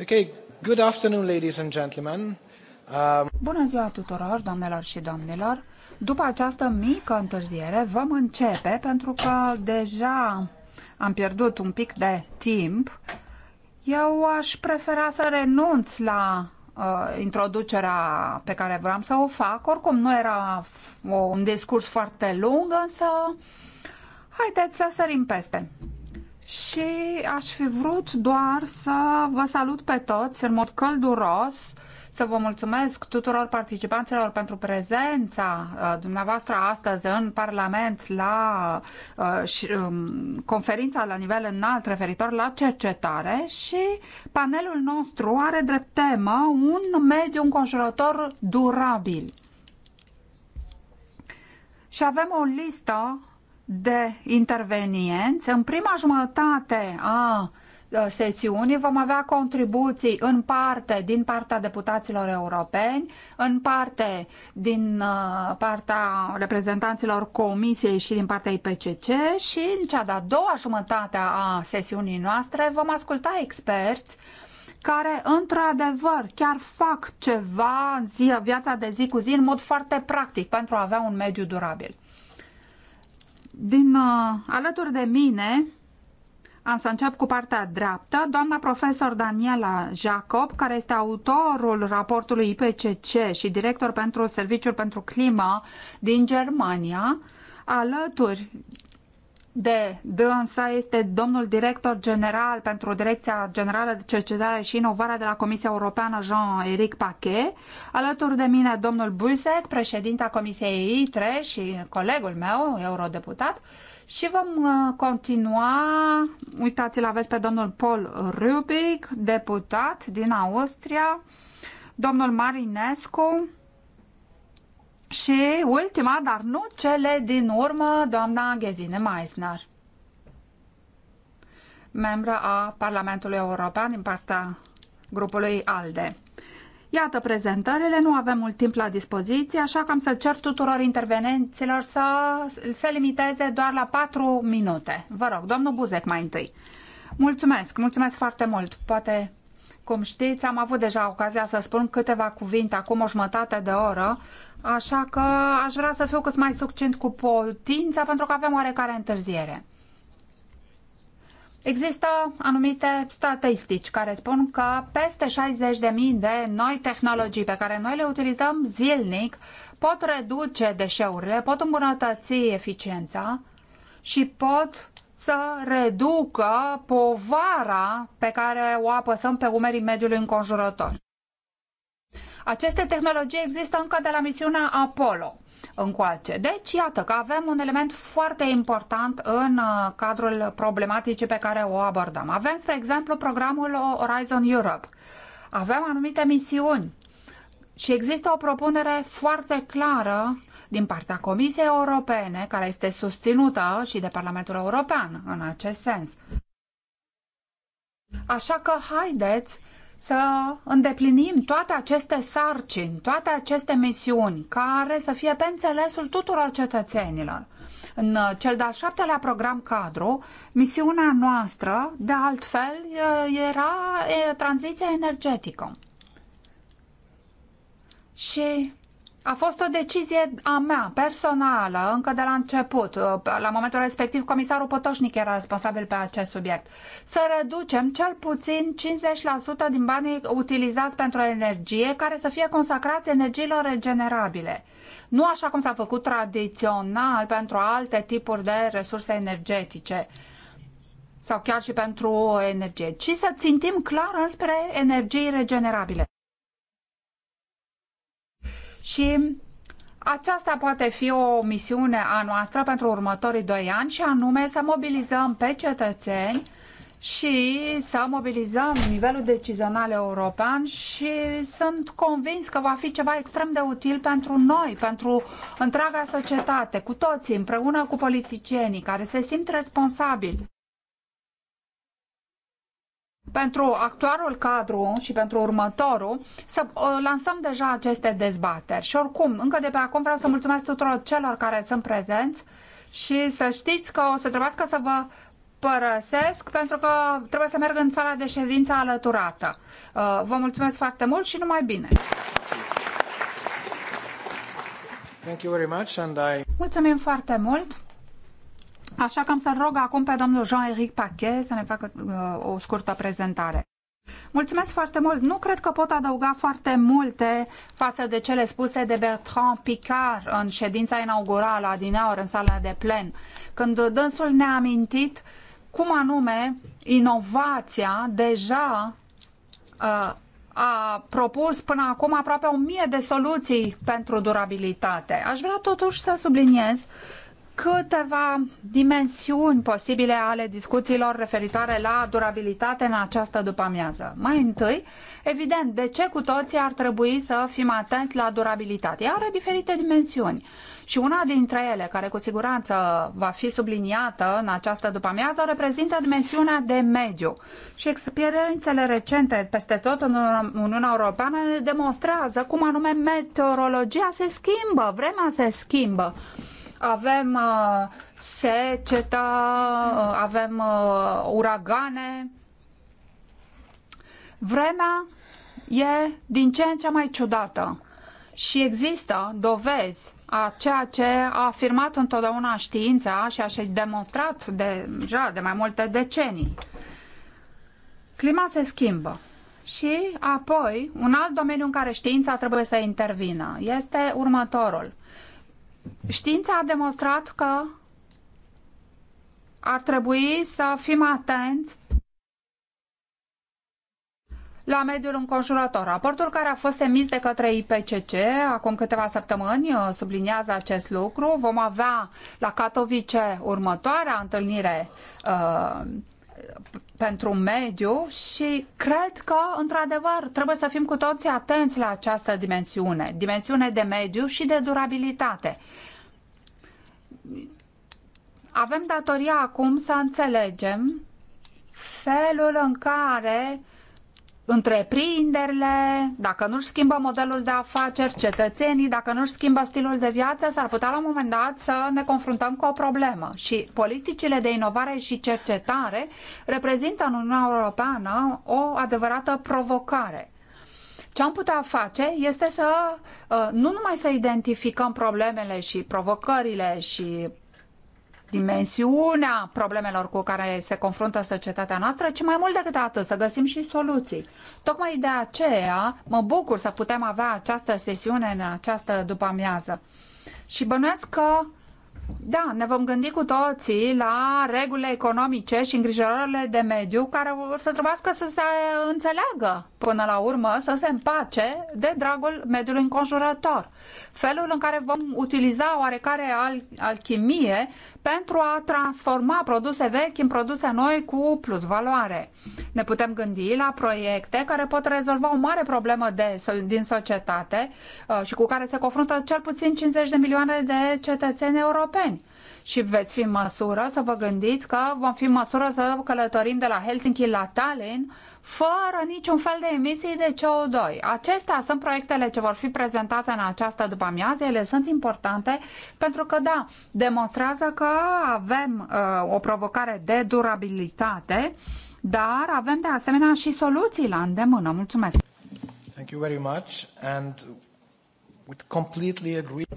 Okay, good afternoon, ladies and gentlemen. Um... Bună ziua tuturor, doamnelor și domnilor. După această mică întârziere vom începe pentru că deja am pierdut un pic de timp. Eu aș prefera să renunț la uh, introducerea pe care vreau să o fac. Oricum nu era un discurs foarte lung, însă haideți să sărim peste și aș fi vrut doar să vă salut pe toți în mod călduros, să vă mulțumesc tuturor participanților pentru prezența uh, dumneavoastră astăzi în Parlament la uh, um, conferința la nivel înalt referitor la cercetare și panelul nostru are drept temă un mediu înconjurător durabil. Și avem o listă de intervenienți. În prima jumătate a sesiunii vom avea contribuții în parte din partea deputaților europeni, în parte din partea reprezentanților comisiei și din partea IPCC și în cea de-a doua jumătate a sesiunii noastre vom asculta experți care, într-adevăr, chiar fac ceva în zi, viața de zi cu zi în mod foarte practic pentru a avea un mediu durabil. Din uh, alături de mine, am să încep cu partea dreaptă, doamna profesor Daniela Jacob, care este autorul raportului IPCC și director pentru Serviciul pentru Climă din Germania, alături de dânsa este domnul director general pentru Direcția Generală de Cercetare și Inovare de la Comisia Europeană, Jean-Éric Paquet. Alături de mine, domnul Bulsec, președinta Comisiei ITRE și colegul meu, eurodeputat. Și vom uh, continua, uitați-l aveți pe domnul Paul Rubic, deputat din Austria, domnul Marinescu, și ultima, dar nu cele din urmă, doamna Ghezine Meisner, membră a Parlamentului European din partea grupului ALDE. Iată prezentările, nu avem mult timp la dispoziție, așa că am să cer tuturor intervenenților să se limiteze doar la 4 minute. Vă rog, domnul Buzec mai întâi. Mulțumesc, mulțumesc foarte mult. Poate, cum știți, am avut deja ocazia să spun câteva cuvinte acum o jumătate de oră Așa că aș vrea să fiu cât mai succint cu potința pentru că avem oarecare întârziere. Există anumite statistici care spun că peste 60.000 de noi tehnologii pe care noi le utilizăm zilnic pot reduce deșeurile, pot îmbunătăți eficiența și pot să reducă povara pe care o apăsăm pe umerii mediului înconjurător. Aceste tehnologii există încă de la misiunea Apollo încoace. Deci, iată că avem un element foarte important în uh, cadrul problematicii pe care o abordăm. Avem, spre exemplu, programul Horizon Europe. Avem anumite misiuni și există o propunere foarte clară din partea Comisiei Europene, care este susținută și de Parlamentul European în acest sens. Așa că haideți să îndeplinim toate aceste sarcini, toate aceste misiuni, care să fie pe înțelesul tuturor cetățenilor. În cel de-al șaptelea program cadru, misiunea noastră, de altfel, era tranziția energetică. Și a fost o decizie a mea, personală, încă de la început. Uh, la momentul respectiv, comisarul Potoșnic era responsabil pe acest subiect. Să reducem cel puțin 50% din banii utilizați pentru energie, care să fie consacrați energiilor regenerabile. Nu așa cum s-a făcut tradițional pentru alte tipuri de resurse energetice sau chiar și pentru energie, ci să țintim clar înspre energii regenerabile și aceasta poate fi o misiune a noastră pentru următorii doi ani și anume să mobilizăm pe cetățeni și să mobilizăm nivelul decizional european și sunt convins că va fi ceva extrem de util pentru noi, pentru întreaga societate, cu toții, împreună cu politicienii care se simt responsabili pentru actualul cadru și pentru următorul să uh, lansăm deja aceste dezbateri. Și oricum, încă de pe acum vreau să mulțumesc tuturor celor care sunt prezenți și să știți că o să trebuiască să vă părăsesc pentru că trebuie să merg în sala de ședință alăturată. Uh, vă mulțumesc foarte mult și numai bine! Thank you very much and I... Mulțumim foarte mult! Așa că am să rog acum pe domnul Jean-Éric Pachet să ne facă uh, o scurtă prezentare. Mulțumesc foarte mult. Nu cred că pot adăuga foarte multe față de cele spuse de Bertrand Picard în ședința inaugurală a Dinaur în sala de plen, când dânsul ne-a amintit cum anume inovația deja uh, a propus până acum aproape o mie de soluții pentru durabilitate. Aș vrea totuși să subliniez câteva dimensiuni posibile ale discuțiilor referitoare la durabilitate în această după-amiază. Mai întâi, evident, de ce cu toții ar trebui să fim atenți la durabilitate? Ea are diferite dimensiuni și una dintre ele, care cu siguranță va fi subliniată în această după-amiază, reprezintă dimensiunea de mediu. Și experiențele recente peste tot în Uniunea Europeană demonstrează cum anume meteorologia se schimbă, vremea se schimbă avem uh, seceta, uh, avem uh, uragane. Vremea e din ce în ce mai ciudată și există dovezi a ceea ce a afirmat întotdeauna știința și a și demonstrat deja de mai multe decenii. Clima se schimbă. Și apoi, un alt domeniu în care știința trebuie să intervină este următorul. Știința a demonstrat că ar trebui să fim atenți la mediul înconjurător. Raportul care a fost emis de către IPCC acum câteva săptămâni uh, subliniază acest lucru. Vom avea la Katowice următoarea întâlnire uh, pentru mediu și cred că, într-adevăr, trebuie să fim cu toții atenți la această dimensiune, dimensiune de mediu și de durabilitate. Avem datoria acum să înțelegem felul în care uh, întreprinderile, dacă nu-și schimbă modelul de afaceri, cetățenii, dacă nu-și schimbă stilul de viață, s-ar putea la un moment dat să ne confruntăm cu o problemă. Și politicile de inovare și cercetare reprezintă în Uniunea Europeană o adevărată provocare. Ce am putea face este să uh, nu numai să identificăm problemele și provocările și dimensiunea problemelor cu care se confruntă societatea noastră, ci mai mult decât atât, să găsim și soluții. Tocmai de aceea mă bucur să putem avea această sesiune în această după-amiază. Și bănuiesc că da, ne vom gândi cu toții la regulile economice și îngrijorările de mediu care vor să trebuiască să se înțeleagă până la urmă, să se împace de dragul mediului înconjurător. Felul în care vom utiliza oarecare al- alchimie pentru a transforma produse vechi în produse noi cu plus valoare. Ne putem gândi la proiecte care pot rezolva o mare problemă de, din societate uh, și cu care se confruntă cel puțin 50 de milioane de cetățeni europeni europeni și veți fi în măsură să vă gândiți că vom fi în măsură să călătorim de la Helsinki la Tallinn fără niciun fel de emisii de CO2. Acestea sunt proiectele ce vor fi prezentate în această după-amiază. Ele sunt importante pentru că, da, demonstrează că avem uh, o provocare de durabilitate, dar avem de asemenea și soluții la îndemână. Mulțumesc! Thank you very much and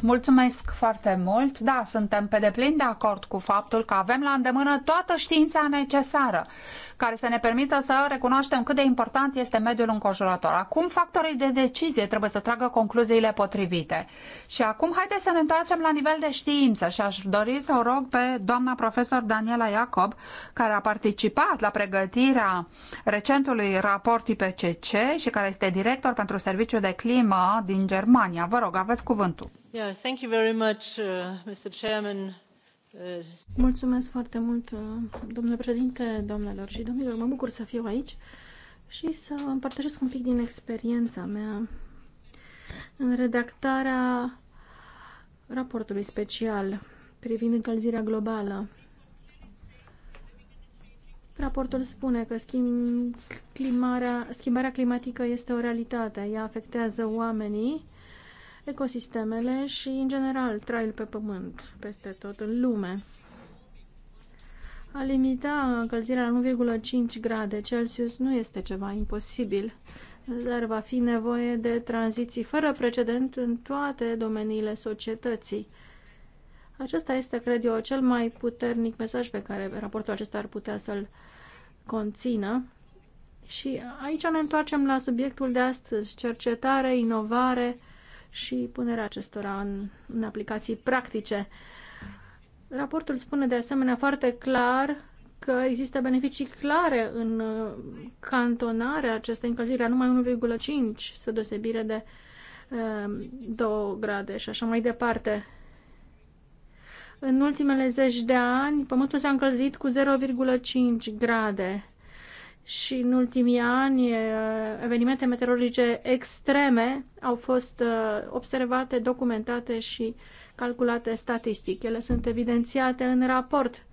Mulțumesc foarte mult. Da, suntem pe deplin de acord cu faptul că avem la îndemână toată știința necesară care să ne permită să recunoaștem cât de important este mediul înconjurător. Acum factorii de decizie trebuie să tragă concluziile potrivite. Și acum haideți să ne întoarcem la nivel de știință și aș dori să o rog pe doamna profesor Daniela Iacob, care a participat la pregătirea recentului raport IPCC și care este director pentru Serviciul de Climă din Germania. Vă rog, aveți cuvântul. Yeah, thank you very much, uh, Mr. Chairman. Mulțumesc foarte mult, domnule președinte, domnilor și domnilor. Mă bucur să fiu aici și să împărtășesc un pic din experiența mea în redactarea raportului special privind încălzirea globală. Raportul spune că schimb, climarea, schimbarea climatică este o realitate. Ea afectează oamenii ecosistemele și, în general, traiul pe pământ peste tot în lume. A limita încălzirea la 1,5 grade Celsius nu este ceva imposibil, dar va fi nevoie de tranziții fără precedent în toate domeniile societății. Acesta este, cred eu, cel mai puternic mesaj pe care raportul acesta ar putea să-l conțină. Și aici ne întoarcem la subiectul de astăzi, cercetare, inovare, și punerea acestora în, în aplicații practice. Raportul spune de asemenea foarte clar că există beneficii clare în uh, cantonarea acestei încălziri a numai 1,5, spre deosebire de uh, 2 grade și așa mai departe. În ultimele zeci de ani, Pământul s-a încălzit cu 0,5 grade și în ultimii ani evenimente meteorologice extreme au fost observate, documentate și calculate statistic. Ele sunt evidențiate în raport.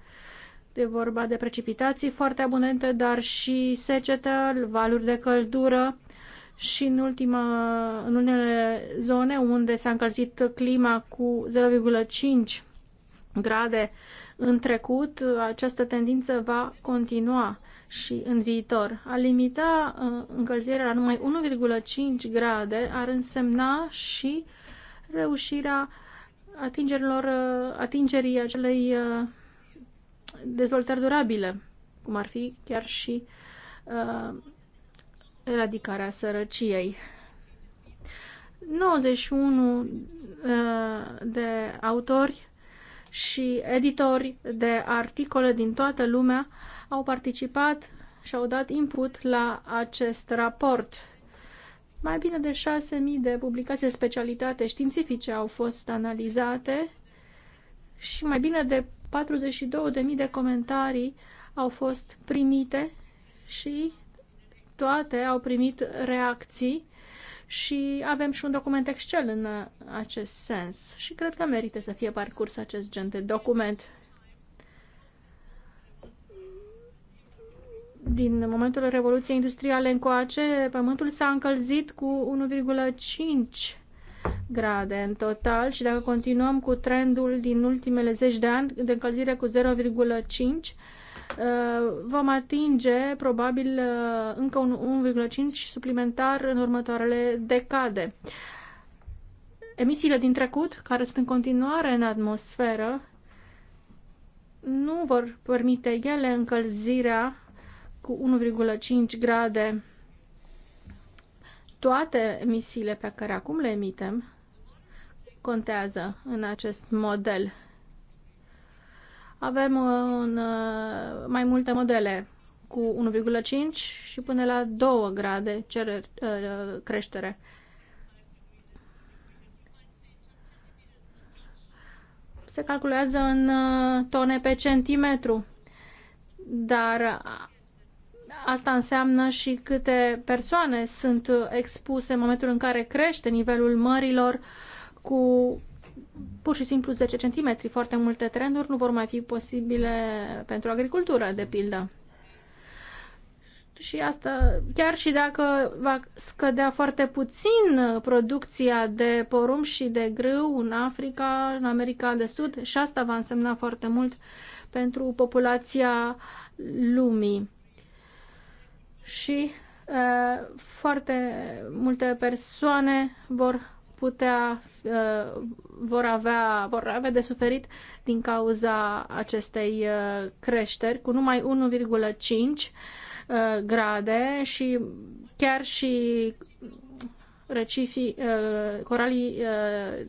E vorba de precipitații foarte abundente, dar și secetă, valuri de căldură și în, ultima, în unele zone unde s-a încălzit clima cu 0,5 grade în trecut, această tendință va continua și în viitor. A limita uh, încălzirea la numai 1,5 grade ar însemna și reușirea atingerilor, uh, atingerii acelei uh, dezvoltări durabile, cum ar fi chiar și uh, eradicarea sărăciei. 91 uh, de autori și editori de articole din toată lumea au participat și au dat input la acest raport. Mai bine de 6.000 de publicații de specialitate științifice au fost analizate și mai bine de 42.000 de comentarii au fost primite și toate au primit reacții și avem și un document Excel în acest sens și cred că merită să fie parcurs acest gen de document. din momentul Revoluției Industriale încoace, Pământul s-a încălzit cu 1,5 grade în total și dacă continuăm cu trendul din ultimele zeci de ani de încălzire cu 0,5, uh, vom atinge probabil uh, încă un 1,5 suplimentar în următoarele decade. Emisiile din trecut, care sunt în continuare în atmosferă, nu vor permite ele încălzirea cu 1,5 grade toate emisiile pe care acum le emitem contează în acest model. Avem un, uh, uh, mai multe modele cu 1,5 și până la 2 grade cerere, uh, creștere. Se calculează în tone pe centimetru, dar Asta înseamnă și câte persoane sunt expuse în momentul în care crește nivelul mărilor cu pur și simplu 10 cm. Foarte multe trenduri nu vor mai fi posibile pentru agricultură, de pildă. Și asta, chiar și dacă va scădea foarte puțin producția de porumb și de grâu în Africa, în America de Sud, și asta va însemna foarte mult pentru populația lumii și uh, foarte multe persoane vor putea, uh, vor avea, vor avea de suferit din cauza acestei uh, creșteri cu numai 1,5 uh, grade și chiar și recifii uh, coralii uh,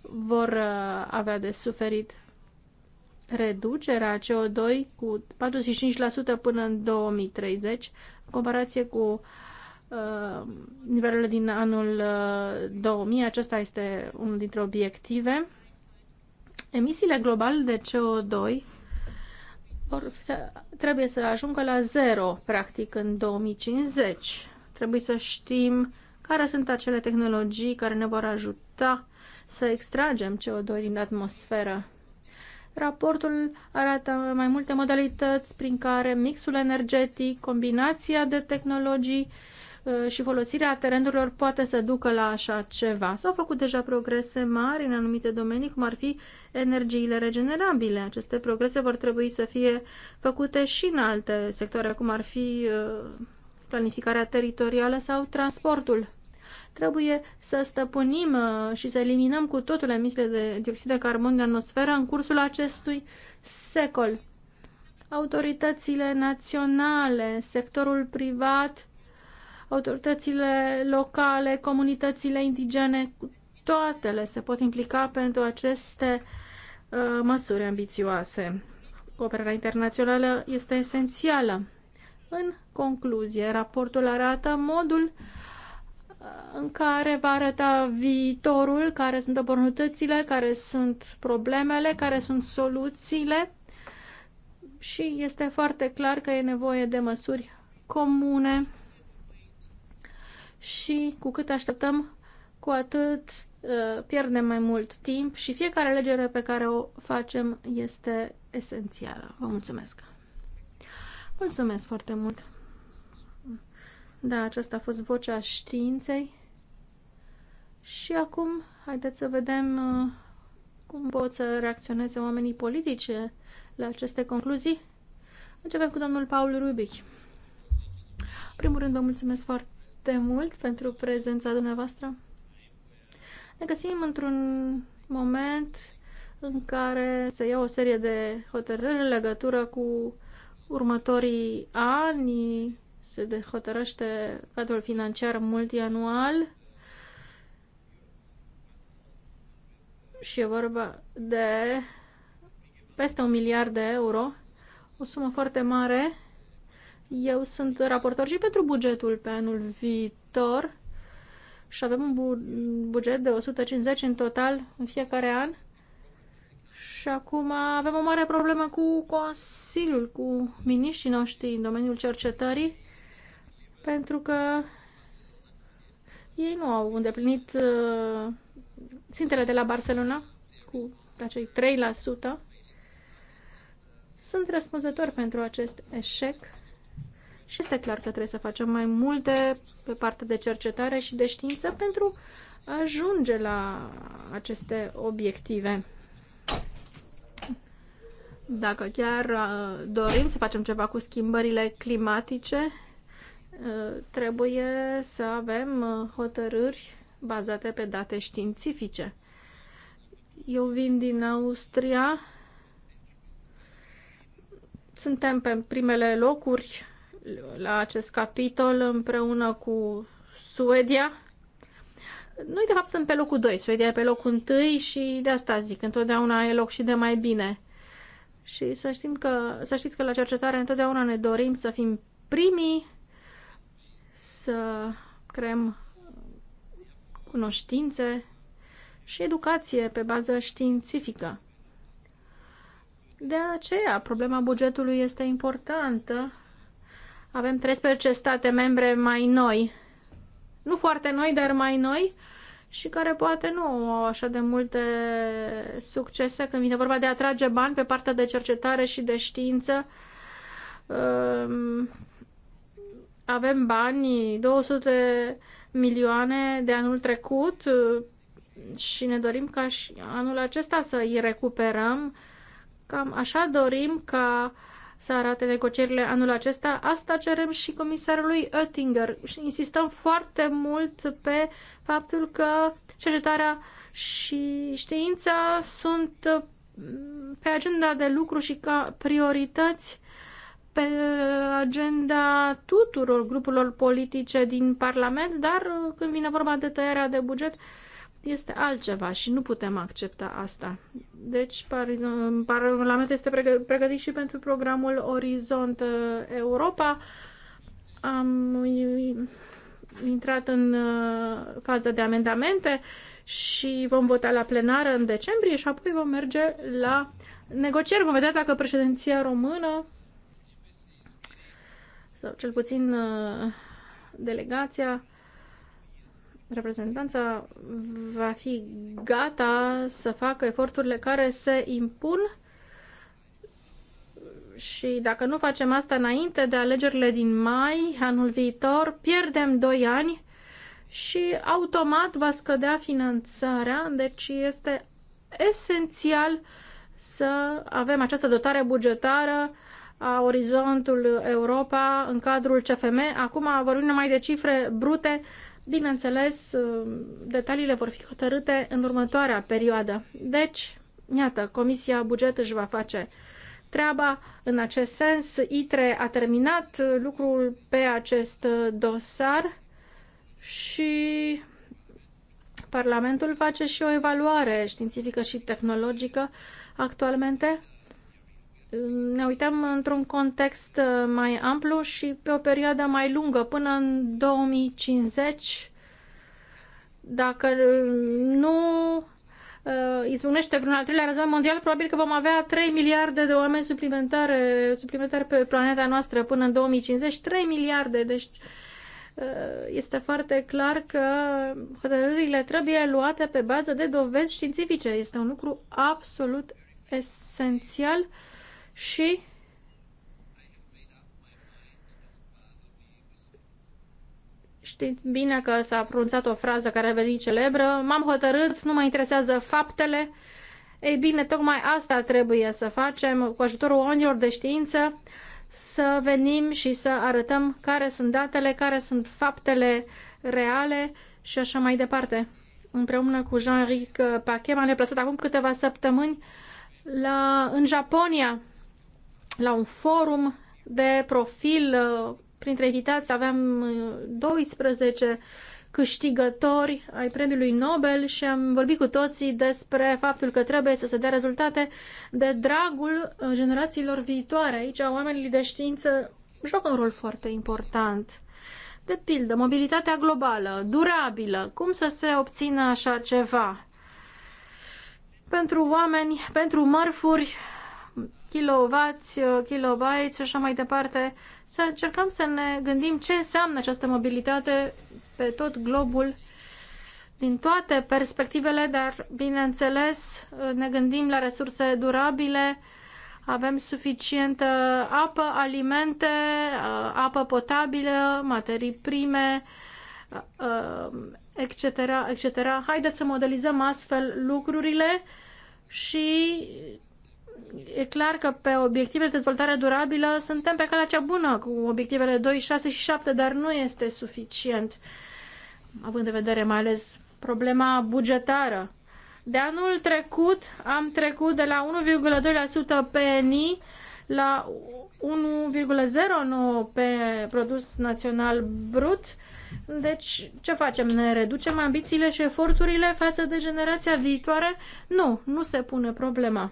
vor avea de suferit reducerea CO2 cu 45% până în 2030 comparație cu uh, nivelele din anul 2000. Uh, Acesta este unul dintre obiective. Emisiile globale de CO2 vor, trebuie să ajungă la zero, practic, în 2050. Trebuie să știm care sunt acele tehnologii care ne vor ajuta să extragem CO2 din atmosferă Raportul arată mai multe modalități prin care mixul energetic, combinația de tehnologii uh, și folosirea terenurilor poate să ducă la așa ceva. S-au făcut deja progrese mari în anumite domenii, cum ar fi energiile regenerabile. Aceste progrese vor trebui să fie făcute și în alte sectoare, cum ar fi uh, planificarea teritorială sau transportul. Trebuie să stăpânim uh, și să eliminăm cu totul emisiile de dioxid de carbon din atmosferă în cursul acestui secol. Autoritățile naționale, sectorul privat, autoritățile locale, comunitățile indigene, toate le se pot implica pentru aceste uh, măsuri ambițioase. Cooperarea internațională este esențială. În concluzie, raportul arată modul în care va arăta viitorul, care sunt oportunitățile, care sunt problemele, care sunt soluțiile și este foarte clar că e nevoie de măsuri comune și cu cât așteptăm, cu atât uh, pierdem mai mult timp și fiecare alegere pe care o facem este esențială. Vă mulțumesc! Mulțumesc foarte mult! Da, aceasta a fost vocea științei. Și acum, haideți să vedem uh, cum pot să reacționeze oamenii politici la aceste concluzii. Începem cu domnul Paul Rubic. În primul rând, vă mulțumesc foarte mult pentru prezența dumneavoastră. Ne găsim într-un moment în care se ia o serie de hotărâri în legătură cu următorii ani, se hotărăște cadrul financiar multianual și e vorba de peste un miliard de euro, o sumă foarte mare. Eu sunt raportor și pentru bugetul pe anul viitor și avem un buget de 150 în total în fiecare an. Și acum avem o mare problemă cu Consiliul, cu miniștrii noștri în domeniul cercetării pentru că ei nu au îndeplinit uh, țintele de la Barcelona cu acei 3%. Sunt răspunzători pentru acest eșec și este clar că trebuie să facem mai multe pe partea de cercetare și de știință pentru a ajunge la aceste obiective. Dacă chiar uh, dorim să facem ceva cu schimbările climatice, Uh, trebuie să avem uh, hotărâri bazate pe date științifice. Eu vin din Austria. Suntem pe primele locuri la acest capitol împreună cu Suedia. Noi, de fapt, suntem pe locul 2. Suedia e pe locul 1 și de asta zic, întotdeauna e loc și de mai bine. Și să, știm că, să știți că la cercetare întotdeauna ne dorim să fim primii să creăm cunoștințe și educație pe bază științifică. De aceea, problema bugetului este importantă. Avem 13 state membre mai noi, nu foarte noi, dar mai noi, și care poate nu au așa de multe succese când vine vorba de a atrage bani pe partea de cercetare și de știință ehm, avem bani, 200 milioane de anul trecut și ne dorim ca și anul acesta să îi recuperăm. Cam așa dorim ca să arate negocierile anul acesta. Asta cerem și comisarului Oettinger și insistăm foarte mult pe faptul că cercetarea și știința sunt pe agenda de lucru și ca priorități pe agenda tuturor grupurilor politice din Parlament, dar uh, când vine vorba de tăierea de buget, este altceva și nu putem accepta asta. Deci Parlamentul este pregătit și pentru programul Orizont uh, Europa. Am intrat în uh, faza de amendamente și vom vota la plenară în decembrie și apoi vom merge la negocieri. Vom vedea dacă președinția română sau cel puțin uh, delegația, reprezentanța va fi gata să facă eforturile care se impun și dacă nu facem asta înainte de alegerile din mai anul viitor, pierdem 2 ani și automat va scădea finanțarea, deci este esențial să avem această dotare bugetară a Orizontul Europa în cadrul CFM. Acum vorbim numai de cifre brute. Bineînțeles, detaliile vor fi hotărâte în următoarea perioadă. Deci, iată, Comisia Buget își va face treaba în acest sens. ITRE a terminat lucrul pe acest dosar și Parlamentul face și o evaluare științifică și tehnologică actualmente ne uităm într-un context uh, mai amplu și pe o perioadă mai lungă, până în 2050, dacă uh, nu uh, izbucnește vreun al treilea război mondial, probabil că vom avea 3 miliarde de oameni suplimentare, suplimentare pe planeta noastră până în 2050, 3 miliarde, deci este foarte clar că hotărârile trebuie luate pe bază de dovezi științifice. Este un lucru absolut esențial uh, și Știți bine că s-a pronunțat o frază care a venit celebră, m-am hotărât, nu mă interesează faptele. Ei bine, tocmai asta trebuie să facem cu ajutorul oamenilor de știință, să venim și să arătăm care sunt datele, care sunt faptele reale și așa mai departe. Împreună cu jean ric Pachem m-am plăsat acum câteva săptămâni la, în Japonia, la un forum de profil. Uh, printre invitați aveam 12 uh, câștigători ai premiului Nobel și am vorbit cu toții despre faptul că trebuie să se dea rezultate de dragul uh, generațiilor viitoare. Aici oamenii de știință joacă un rol foarte important. De pildă, mobilitatea globală, durabilă, cum să se obțină așa ceva? Pentru oameni, pentru mărfuri, kilovați, uh, kilobytes și așa mai departe, să încercăm să ne gândim ce înseamnă această mobilitate pe tot globul din toate perspectivele, dar bineînțeles uh, ne gândim la resurse durabile, avem suficientă apă, alimente, uh, apă potabilă, materii prime, etc., etc. Haideți să modelizăm astfel lucrurile și e clar că pe obiectivele de dezvoltare durabilă suntem pe calea cea bună cu obiectivele 2, 6 și 7, dar nu este suficient, având în vedere mai ales problema bugetară. De anul trecut am trecut de la 1,2% PNI la 1,09 pe produs național brut. Deci, ce facem? Ne reducem ambițiile și eforturile față de generația viitoare? Nu, nu se pune problema.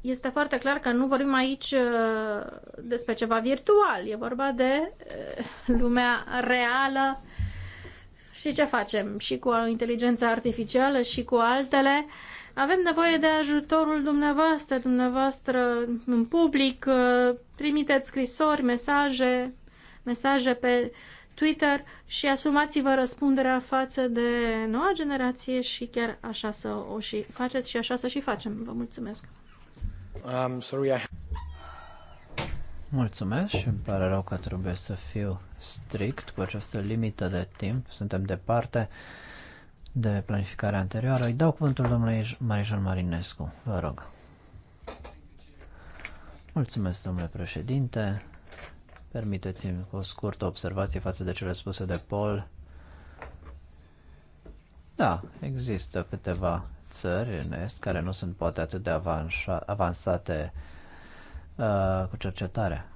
este foarte clar că nu vorbim aici uh, despre ceva virtual, e vorba de uh, lumea reală și ce facem și cu inteligența artificială și cu altele. Avem nevoie de ajutorul dumneavoastră, dumneavoastră în public, uh, trimiteți scrisori, mesaje, mesaje pe Twitter și asumați-vă răspunderea față de noua generație și chiar așa să o și faceți și așa să și facem. Vă mulțumesc! Um, sorry, I... Mulțumesc și îmi pare rău că trebuie să fiu strict cu această limită de timp. Suntem departe de planificarea anterioară. Îi dau cuvântul domnului Marijan Marinescu. Vă rog. Mulțumesc, domnule președinte. Permiteți-mi o scurtă observație față de cele spuse de Paul. Da, există câteva țări în Est care nu sunt poate atât de avansa, avansate uh, cu cercetarea.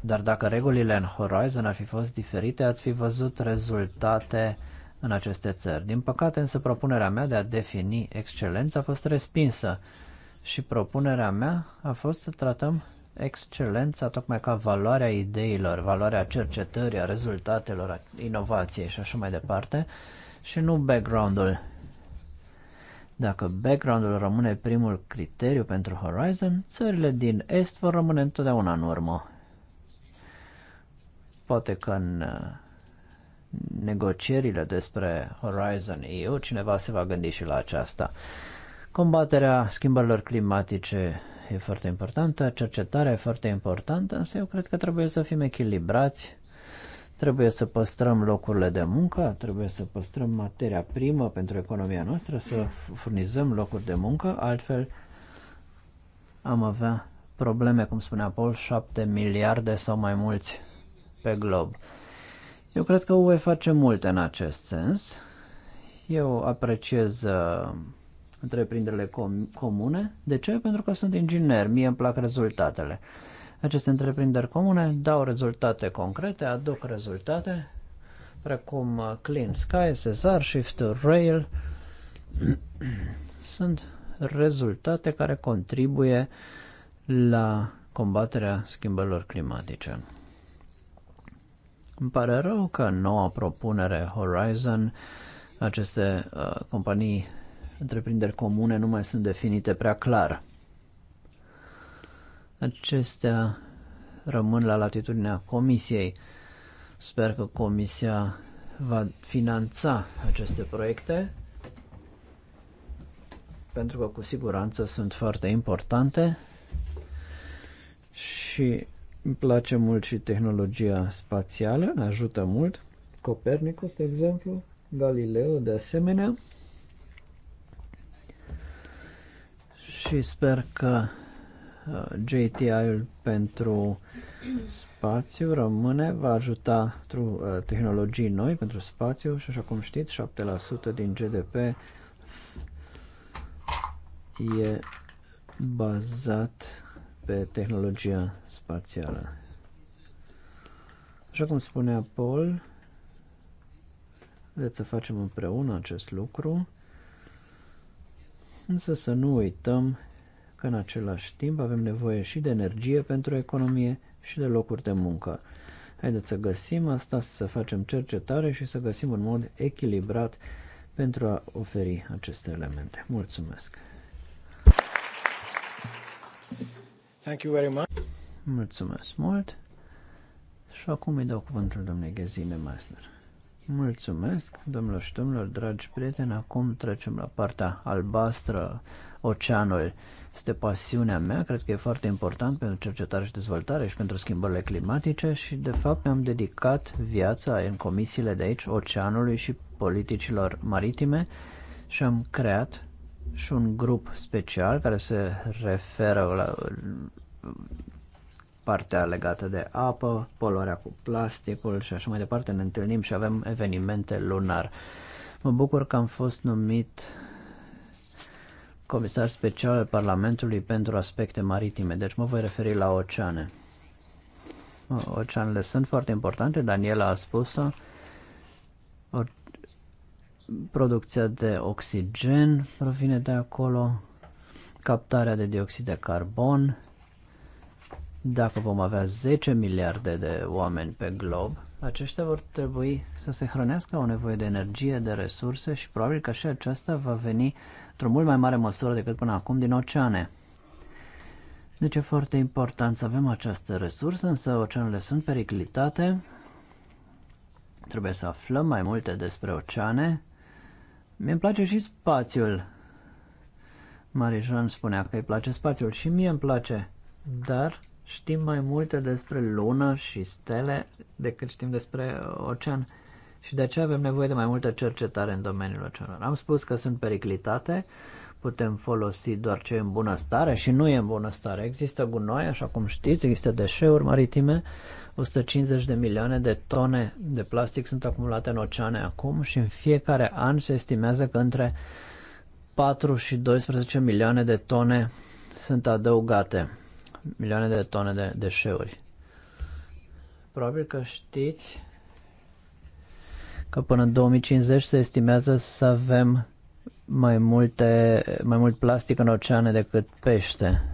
Dar dacă regulile în Horizon ar fi fost diferite, ați fi văzut rezultate în aceste țări. Din păcate, însă, propunerea mea de a defini excelența a fost respinsă și propunerea mea a fost să tratăm excelența tocmai ca valoarea ideilor, valoarea cercetării, a rezultatelor, a inovației și așa mai departe și nu background-ul dacă background-ul rămâne primul criteriu pentru Horizon, țările din Est vor rămâne întotdeauna în urmă. Poate că în uh, negocierile despre Horizon EU cineva se va gândi și la aceasta. Combaterea schimbărilor climatice e foarte importantă, cercetarea e foarte importantă, însă eu cred că trebuie să fim echilibrați Trebuie să păstrăm locurile de muncă, trebuie să păstrăm materia primă pentru economia noastră, să furnizăm locuri de muncă, altfel am avea probleme, cum spunea Paul, 7 miliarde sau mai mulți pe glob. Eu cred că UE face multe în acest sens. Eu apreciez uh, întreprinderile comune. De ce? Pentru că sunt inginer, mie îmi plac rezultatele. Aceste întreprinderi comune dau rezultate concrete, aduc rezultate, precum uh, Clean Sky, Cesar, Shift to Rail. Sunt rezultate care contribuie la combaterea schimbărilor climatice. Îmi pare rău că noua propunere Horizon, aceste uh, companii, întreprinderi comune, nu mai sunt definite prea clar. Acestea rămân la latitudinea comisiei. Sper că comisia va finanța aceste proiecte pentru că cu siguranță sunt foarte importante și îmi place mult și tehnologia spațială, ne ajută mult. Copernicus, de exemplu, Galileo, de asemenea. Și sper că Uh, JTI-ul pentru spațiu rămâne, va ajuta pentru uh, tehnologii noi pentru spațiu și așa cum știți, 7% din GDP e bazat pe tehnologia spațială. Așa cum spunea Paul, vedeți să facem împreună acest lucru, însă să nu uităm că în același timp avem nevoie și de energie pentru economie și de locuri de muncă. Haideți să găsim asta, să facem cercetare și să găsim un mod echilibrat pentru a oferi aceste elemente. Mulțumesc! Thank you very much. Mulțumesc mult! Și acum îi dau cuvântul domnului Ghezine Meissner. Mulțumesc, domnilor și domnilor, dragi prieteni. Acum trecem la partea albastră, oceanul. Este pasiunea mea, cred că e foarte important pentru cercetare și dezvoltare și pentru schimbările climatice și, de fapt, mi-am dedicat viața în comisiile de aici, oceanului și politicilor maritime și am creat și un grup special care se referă la partea legată de apă, poluarea cu plasticul și așa mai departe. Ne întâlnim și avem evenimente lunar. Mă bucur că am fost numit comisar special al Parlamentului pentru aspecte maritime, deci mă voi referi la oceane. Oceanele sunt foarte importante, Daniela a spus-o. Producția de oxigen provine de acolo, captarea de dioxid de carbon. Dacă vom avea 10 miliarde de oameni pe glob, aceștia vor trebui să se hrănească, au nevoie de energie, de resurse și probabil că și aceasta va veni într-o mult mai mare măsură decât până acum din oceane. Deci e foarte important să avem această resursă, însă oceanele sunt periclitate. Trebuie să aflăm mai multe despre oceane. mi îmi place și spațiul. Marijan spunea că îi place spațiul și mie îmi place, dar știm mai multe despre lună și stele decât știm despre ocean și de aceea avem nevoie de mai multă cercetare în domeniul acelor. Am spus că sunt periclitate, putem folosi doar ce e în stare și nu e în stare. Există gunoi, așa cum știți, există deșeuri maritime, 150 de milioane de tone de plastic sunt acumulate în oceane acum și în fiecare an se estimează că între 4 și 12 milioane de tone sunt adăugate, milioane de tone de deșeuri. Probabil că știți că până în 2050 se estimează să avem mai, multe, mai mult plastic în oceane decât pește.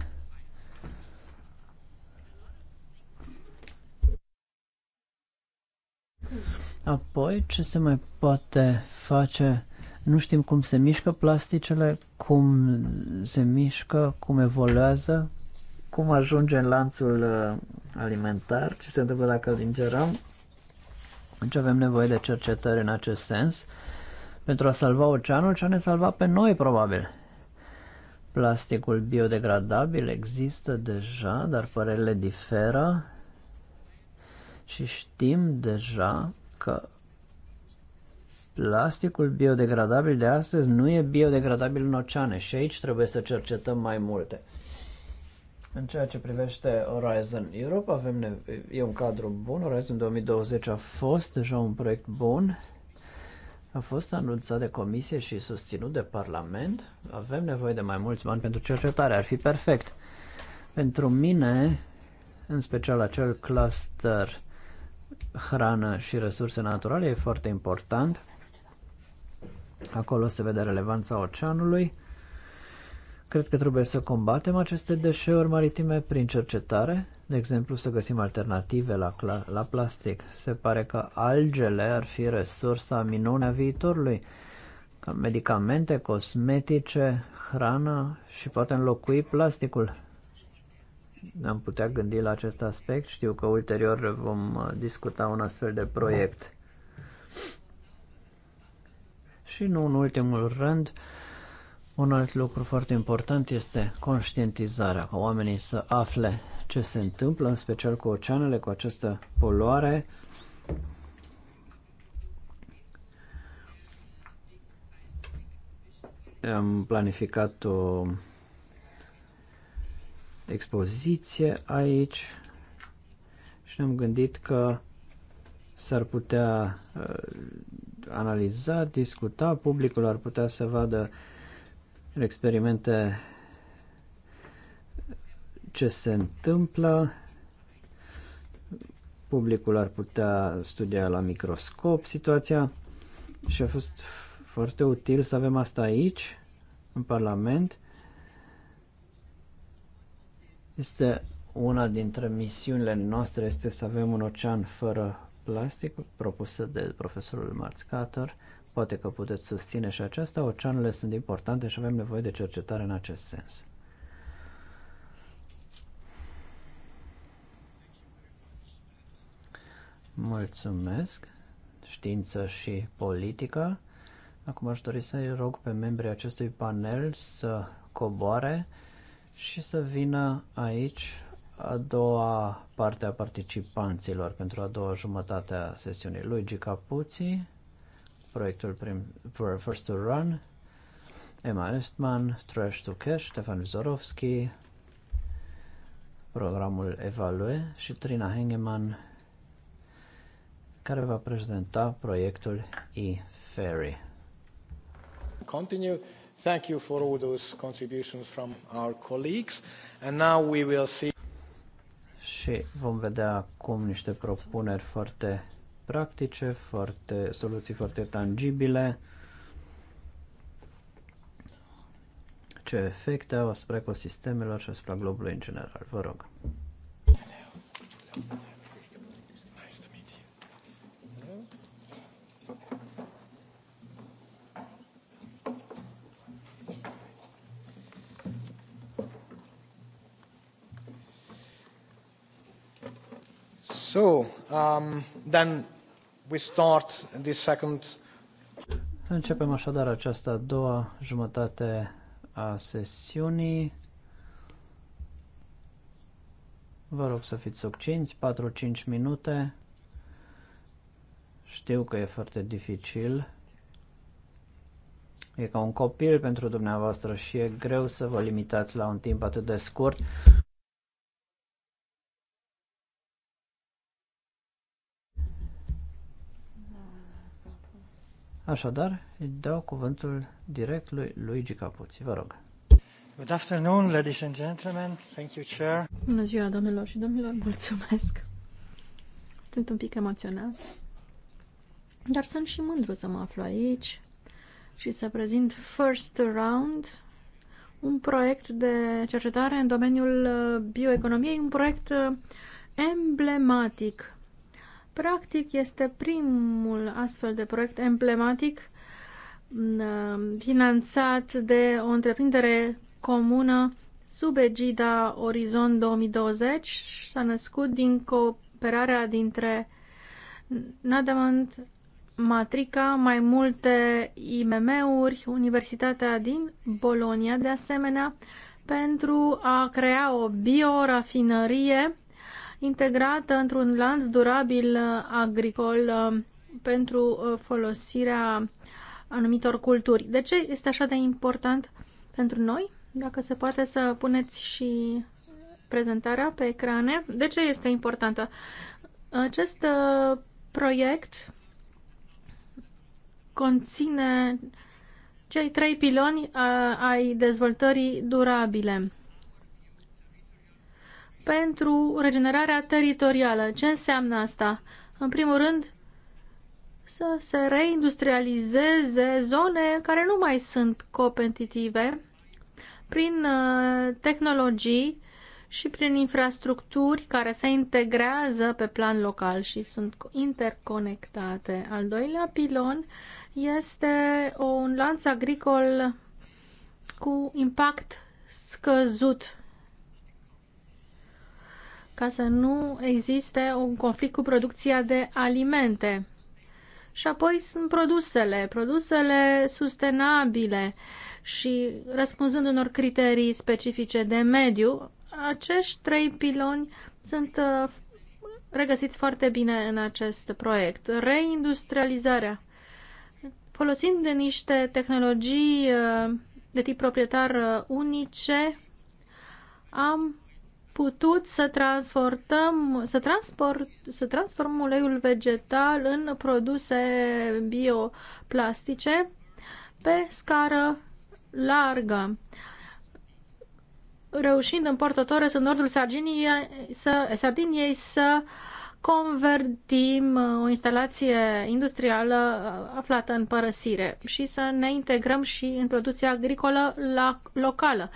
Apoi, ce se mai poate face? Nu știm cum se mișcă plasticele, cum se mișcă, cum evoluează, cum ajunge în lanțul uh, alimentar, ce se întâmplă dacă îl ingerăm. Deci avem nevoie de cercetări în acest sens pentru a salva oceanul și a ne salva pe noi, probabil. Plasticul biodegradabil există deja, dar părerile diferă și știm deja că plasticul biodegradabil de astăzi nu e biodegradabil în oceane și aici trebuie să cercetăm mai multe. În ceea ce privește Horizon Europe, avem e un cadru bun. Horizon 2020 a fost deja un proiect bun. A fost anunțat de comisie și susținut de Parlament. Avem nevoie de mai mulți bani pentru cercetare, ar fi perfect. Pentru mine, în special acel cluster hrană și resurse naturale e foarte important. Acolo se vede relevanța oceanului Cred că trebuie să combatem aceste deșeuri maritime prin cercetare, de exemplu să găsim alternative la, la plastic. Se pare că algele ar fi resursa minunea a viitorului, ca medicamente, cosmetice, hrană și poate înlocui plasticul. Am putea gândi la acest aspect, știu că ulterior vom discuta un astfel de proiect. Și nu în ultimul rând, uh, un alt lucru foarte important este conștientizarea, ca oamenii să afle ce se întâmplă, în special cu oceanele, cu această poluare. Am planificat o expoziție aici și ne-am gândit că s-ar putea uh, analiza, discuta, publicul ar putea să vadă uh, experimente ce se întâmplă. Publicul ar putea studia la microscop situația și a fost foarte util să avem asta aici, în Parlament. Este una dintre misiunile noastre este să avem un ocean fără plastic, propusă de profesorul Marț Cator. Poate că puteți susține și aceasta, oceanele sunt importante și avem nevoie de cercetare în acest sens. Mulțumesc, știință și politică. Acum aș dori să-i rog pe membrii acestui panel să coboare și să vină aici a doua parte a participanților pentru a doua jumătate a sesiunii. Luigi Capuții proiectul prim, First to Run, Emma Östman, Trash to Cash, Stefan Zorowski, programul Evalue și Trina Hengeman, care va prezenta proiectul e-Ferry. Continue. Thank you for all those contributions from our colleagues. And now we will see... Și vom vedea acum niște propuneri foarte practice, foarte, soluții foarte tangibile, ce efecte au asupra ecosistemelor și asupra globului în general. Vă rog. So, um, then we start this second... Începem așadar această a doua jumătate a sesiunii. Vă rog să fiți succinți, 4-5 minute. Știu că e foarte dificil. E ca un copil pentru dumneavoastră și e greu să vă limitați la un timp atât de scurt. Așadar, îi dau cuvântul direct lui Luigi Capuzzi. Vă rog. Good afternoon, ladies and gentlemen. Thank you, Chair. Bună ziua, domnilor și domnilor. Mulțumesc. Sunt un pic emoționat, dar sunt și mândru să mă aflu aici și să prezint First Round, un proiect de cercetare în domeniul uh, bioeconomiei, un proiect uh, emblematic Practic, este primul astfel de proiect emblematic mm, finanțat de o întreprindere comună sub egida Orizon 2020. S-a născut din cooperarea dintre Nadamant, Matrica, mai multe IMM-uri, Universitatea din Bolonia, de asemenea, pentru a crea o biorafinărie integrată într-un lanț durabil uh, agricol uh, pentru uh, folosirea anumitor culturi. De ce este așa de important pentru noi? Dacă se poate să puneți și prezentarea pe ecrane. De ce este importantă? Acest proiect conține cei trei piloni ai dezvoltării durabile pentru regenerarea teritorială. Ce înseamnă asta? În primul rând, să se reindustrializeze zone care nu mai sunt competitive prin uh, tehnologii și prin infrastructuri care se integrează pe plan local și sunt interconectate. Al doilea pilon este un lanț agricol cu impact scăzut ca să nu existe un conflict cu producția de alimente. Și apoi sunt produsele, produsele sustenabile și răspunzând unor criterii specifice de mediu, acești trei piloni sunt uh, regăsiți foarte bine în acest proiect. Reindustrializarea. Folosind de niște tehnologii uh, de tip proprietar uh, unice, am putut să transportăm, să, transport, să transformăm uleiul vegetal în produse bioplastice pe scară largă reușind în portătoare să nordul Sardiniei, să, Sardiniei, să convertim uh, o instalație industrială uh, aflată în părăsire și să ne integrăm și în producția agricolă la, locală.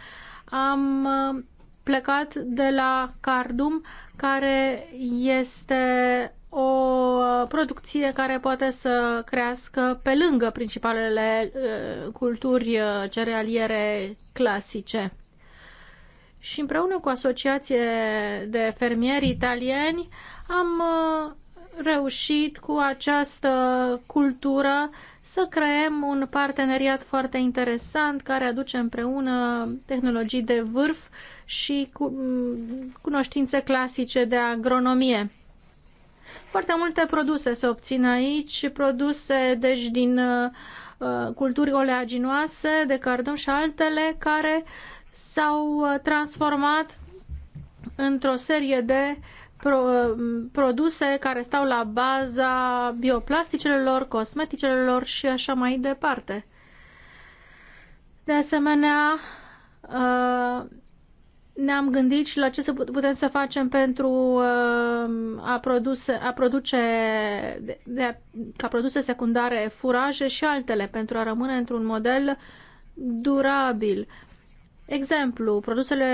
Am uh, plecat de la Cardum, care este o producție care poate să crească pe lângă principalele uh, culturi uh, cerealiere clasice. Și împreună cu asociație de fermieri italieni am uh, reușit cu această cultură să creăm un parteneriat foarte interesant care aduce împreună tehnologii de vârf și cu, mm, cunoștințe clasice de agronomie. Foarte multe produse se obțin aici, produse deci din uh, uh culturi oleaginoase, de cardon și altele care s-au uh, transformat într-o serie de uh, pro, produse care stau la baza bioplasticelor, cosmeticelor și așa mai departe. De asemenea, uh, ne-am gândit și la ce să putem să facem pentru uh, a, produse, a produce de, de, ca produse secundare furaje și altele pentru a rămâne într-un model durabil. Exemplu, produsele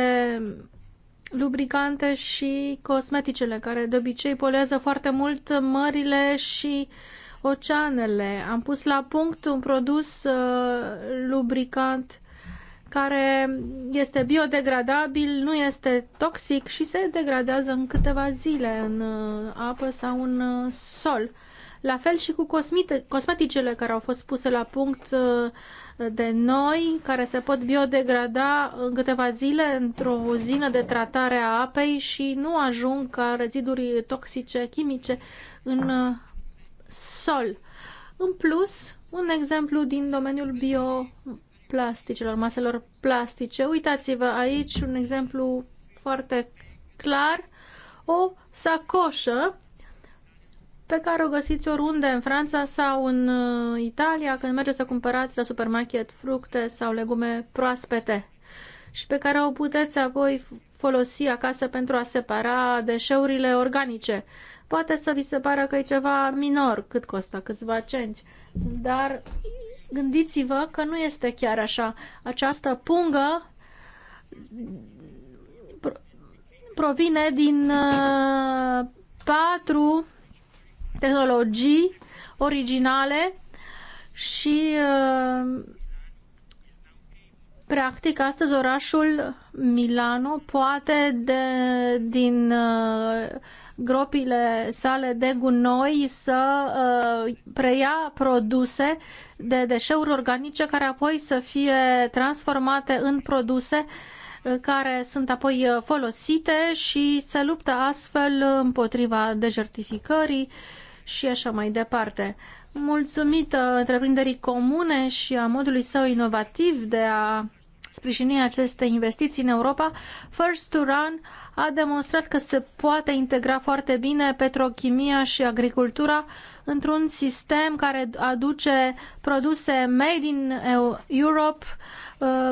lubricante și cosmeticele, care de obicei poluează foarte mult mările și oceanele. Am pus la punct un produs uh, lubricant care este biodegradabil, nu este toxic și se degradează în câteva zile în uh, apă sau în uh, sol. La fel și cu cosmite, cosmeticele care au fost puse la punct uh, de noi, care se pot biodegrada în câteva zile într-o uzină de tratare a apei și nu ajung ca reziduri toxice, chimice în uh, sol. În plus, un exemplu din domeniul bioplasticelor, maselor plastice. Uitați-vă aici un exemplu foarte clar, o sacoșă pe care o găsiți oriunde, în Franța sau în uh, Italia, când mergeți să cumpărați la supermarket fructe sau legume proaspete și pe care o puteți apoi folosi acasă pentru a separa deșeurile organice. Poate să vi se pară că e ceva minor, cât costă, câțiva cenți, dar gândiți-vă că nu este chiar așa. Această pungă provine din uh, patru tehnologii originale și uh, practic astăzi orașul Milano poate de, din uh, gropile sale de gunoi să uh, preia produse de deșeuri organice care apoi să fie transformate în produse care sunt apoi folosite și se luptă astfel împotriva dejertificării și așa mai departe. Mulțumită întreprinderii comune și a modului său inovativ de a sprijini aceste investiții în Europa, First to Run a demonstrat că se poate integra foarte bine petrochimia și agricultura într-un sistem care aduce produse made in Europe uh,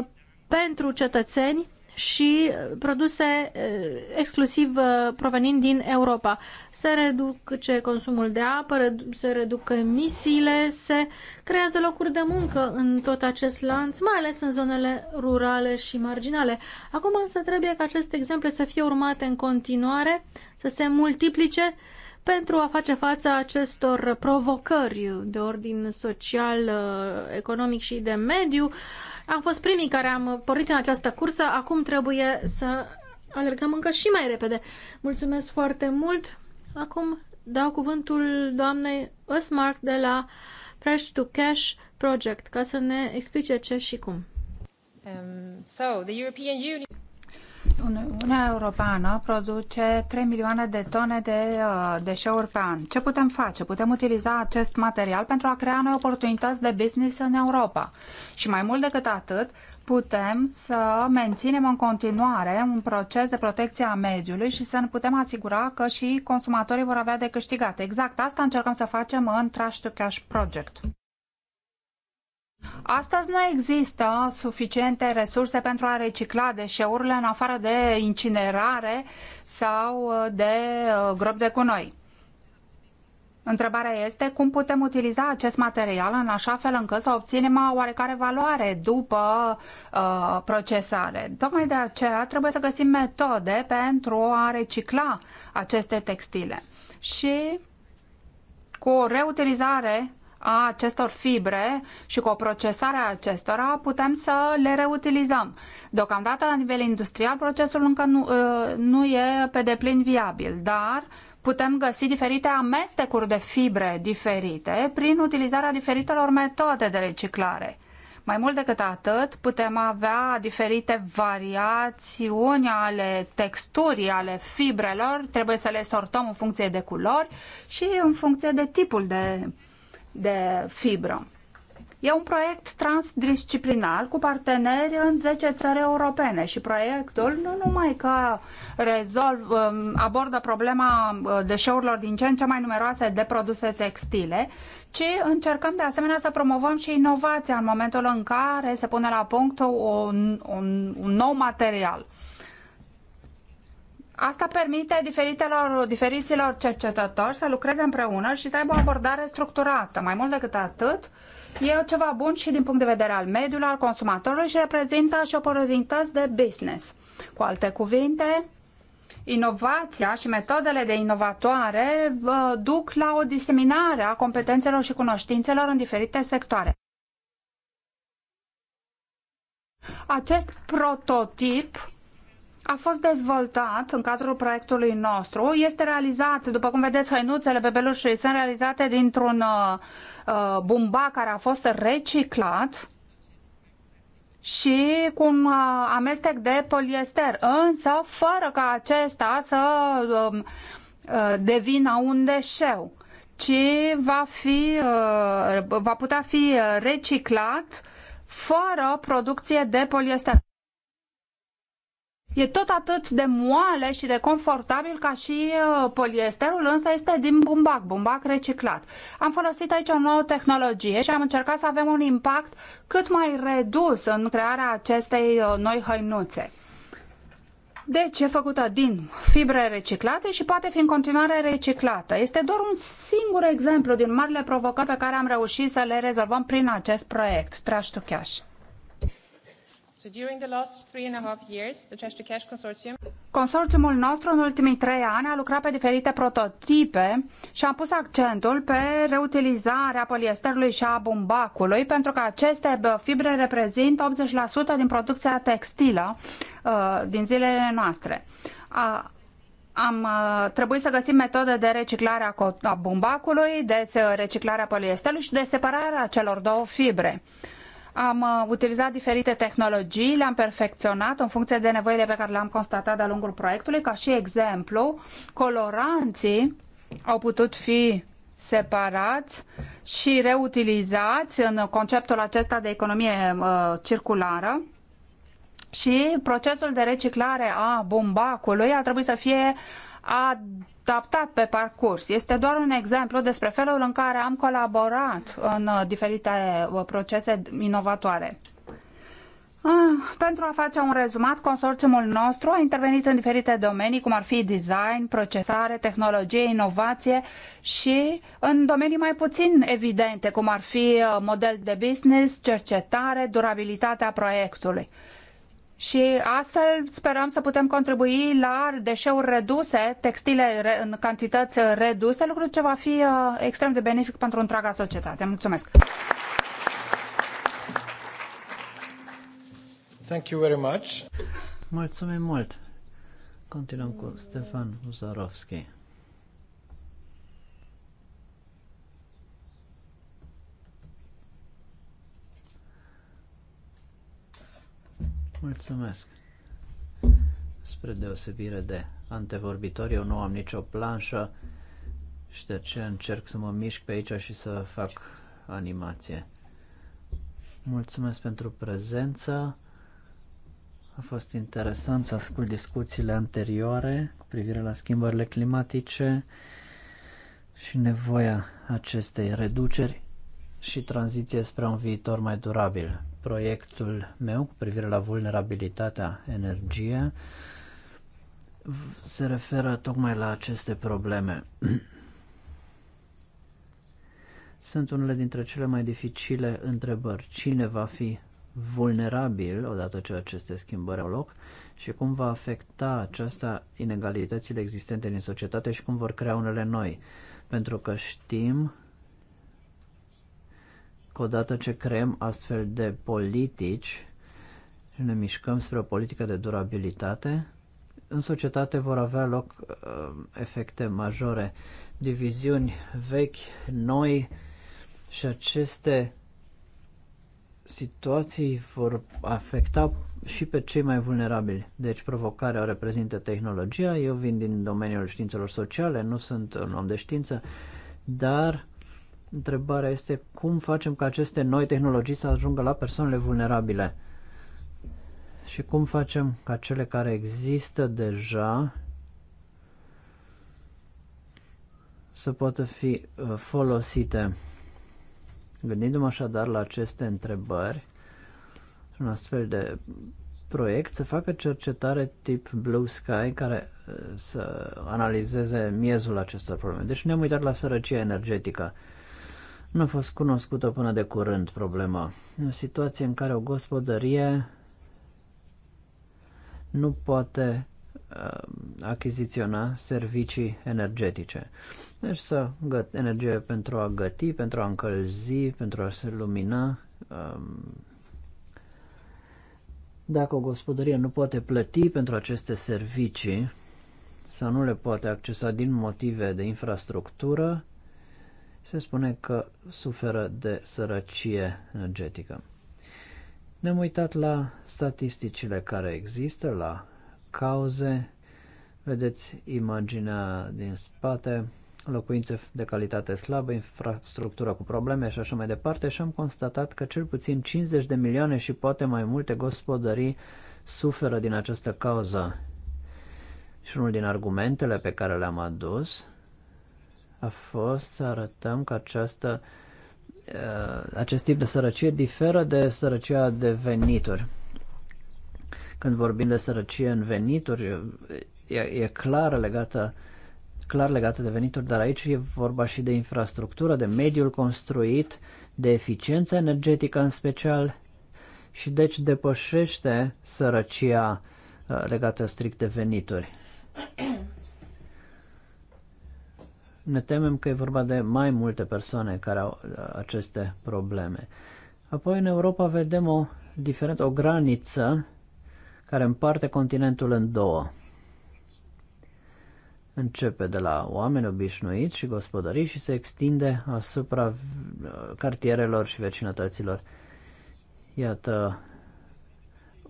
pentru cetățeni și uh, produse uh, exclusiv uh, provenind din Europa. Se reduce consumul de apă, se reduc emisiile, se creează locuri de muncă în tot acest lanț, mai ales în zonele rurale și marginale. Acum însă trebuie ca aceste exemple să fie urmate în continuare, să se multiplice pentru a face față acestor provocări de ordin social, economic și de mediu, am fost primii care am pornit în această cursă, acum trebuie să alergăm încă și mai repede. Mulțumesc foarte mult! Acum dau cuvântul doamnei Osmark de la Fresh to Cash Project ca să ne explice ce și cum. Um, so, the European Union... Uniunea Europeană produce 3 milioane de tone de uh, deșeuri pe an. Ce putem face? Putem utiliza acest material pentru a crea noi oportunități de business în Europa. Și mai mult decât atât, putem să menținem în continuare un proces de protecție a mediului și să ne putem asigura că și consumatorii vor avea de câștigat. Exact asta încercăm să facem în Trash to Cash Project. Astăzi nu există suficiente resurse pentru a recicla deșeurile în afară de incinerare sau uh, de uh, grob de gunoi. Întrebarea este cum putem utiliza acest material în așa fel încât să obținem oarecare valoare după uh, procesare. Tocmai de aceea trebuie să găsim metode pentru a recicla aceste textile și cu o reutilizare a acestor fibre și cu o procesare a acestora putem să le reutilizăm. Deocamdată, la nivel industrial, procesul încă nu, uh, nu e pe deplin viabil, dar putem găsi diferite amestecuri de fibre diferite prin utilizarea diferitelor metode de reciclare. Mai mult decât atât, putem avea diferite variațiuni ale texturii, ale fibrelor, trebuie să le sortăm în funcție de culori și în funcție de tipul de de fibră. E un proiect transdisciplinar cu parteneri în 10 țări europene și proiectul nu numai că rezolv, um, abordă problema uh, deșeurilor din ce în ce mai numeroase de produse textile, ci încercăm de asemenea să promovăm și inovația în momentul în care se pune la punct un, un, un nou material. Asta permite diferitelor, diferiților cercetători să lucreze împreună și să aibă o abordare structurată. Mai mult decât atât, e ceva bun și din punct de vedere al mediului, al consumatorului și reprezintă și oportunități de business. Cu alte cuvinte, inovația și metodele de inovatoare duc la o diseminare a competențelor și cunoștințelor în diferite sectoare. Acest prototip a fost dezvoltat în cadrul proiectului nostru. Este realizat, după cum vedeți, hainuțele bebelușului sunt realizate dintr-un uh, uh bumba care a fost reciclat și cu un uh, amestec de poliester, însă fără ca acesta să uh, uh, devină un deșeu, ci va, fi, uh, va putea fi reciclat fără producție de poliester. E tot atât de moale și de confortabil ca și uh, poliesterul, însă este din bumbac, bumbac reciclat. Am folosit aici o nouă tehnologie și am încercat să avem un impact cât mai redus în crearea acestei uh, noi hăinuțe. Deci e făcută din fibre reciclate și poate fi în continuare reciclată. Este doar un singur exemplu din marile provocări pe care am reușit să le rezolvăm prin acest proiect. to Cash. Consorțiumul nostru în ultimii trei ani a lucrat pe diferite prototipe și a pus accentul pe reutilizarea poliesterului și a bumbacului, pentru că aceste fibre reprezintă 80% din producția textilă uh, din zilele noastre. am uh, trebuit să găsim metode de reciclare a, bumbacului, de uh, reciclarea poliesterului și de separarea celor două fibre. Am uh, utilizat diferite tehnologii, le-am perfecționat în funcție de nevoile pe care le-am constatat de-a lungul proiectului. Ca și exemplu, coloranții au putut fi separați și reutilizați în conceptul acesta de economie uh, circulară și procesul de reciclare a bumbacului a trebuit să fie adaptat pe parcurs. Este doar un exemplu despre felul în care am colaborat în uh, diferite uh, procese inovatoare. Ah, pentru a face un rezumat, consorțiumul nostru a intervenit în diferite domenii, cum ar fi design, procesare, tehnologie, inovație și în domenii mai puțin evidente, cum ar fi uh, model de business, cercetare, durabilitatea proiectului și astfel sperăm să putem contribui la deșeuri reduse, textile în cantități reduse, lucru ce va fi uh, extrem de benefic pentru întreaga societate. Mulțumesc! Thank you very much. Mulțumim mult! Continuăm cu Stefan Uzarovski. Mulțumesc. Spre deosebire de antevorbitori, eu nu am nicio planșă și de ce încerc să mă mișc pe aici și să fac animație. Mulțumesc pentru prezență. A fost interesant să ascult discuțiile anterioare cu privire la schimbările climatice și nevoia acestei reduceri și tranziție spre un viitor mai durabil proiectul meu cu privire la vulnerabilitatea energie se referă tocmai la aceste probleme. Sunt unele dintre cele mai dificile întrebări. Cine va fi vulnerabil odată ce aceste schimbări au loc și cum va afecta aceasta inegalitățile existente din societate și cum vor crea unele noi. Pentru că știm că odată ce creăm astfel de politici și ne mișcăm spre o politică de durabilitate, în societate vor avea loc uh, efecte majore, diviziuni vechi, noi și aceste situații vor afecta și pe cei mai vulnerabili. Deci provocarea o reprezintă tehnologia, eu vin din domeniul științelor sociale, nu sunt un om de știință, dar Întrebarea este cum facem ca aceste noi tehnologii să ajungă la persoanele vulnerabile și cum facem ca cele care există deja să poată fi uh, folosite. Gândindu-mă așadar la aceste întrebări, un astfel de proiect să facă cercetare tip Blue Sky care uh, să analizeze miezul acestor probleme. Deci ne-am uitat la sărăcia energetică. Nu a fost cunoscută până de curând problema. E o situație în care o gospodărie nu poate uh, achiziționa servicii energetice. Deci să găt energie pentru a găti, pentru a încălzi, pentru a se lumina. Um, dacă o gospodărie nu poate plăti pentru aceste servicii sau nu le poate accesa din motive de infrastructură, se spune că suferă de sărăcie energetică. Ne-am uitat la statisticile care există, la cauze. Vedeți imaginea din spate, locuințe de calitate slabă, infrastructură cu probleme și așa mai departe și am constatat că cel puțin 50 de milioane și poate mai multe gospodării suferă din această cauză. Și unul din argumentele pe care le-am adus a fost să arătăm că această, uh, acest tip de sărăcie diferă de sărăcia de venituri. Când vorbim de sărăcie în venituri, e, e clar legată clar legată de venituri, dar aici e vorba și de infrastructură, de mediul construit, de eficiența energetică în special și deci depășește sărăcia uh, legată strict de venituri ne temem că e vorba de mai multe persoane care au uh, aceste probleme. Apoi în Europa vedem o diferență, o graniță care împarte continentul în două. Începe de la oameni obișnuiți și gospodării și se extinde asupra uh, cartierelor și vecinătăților. Iată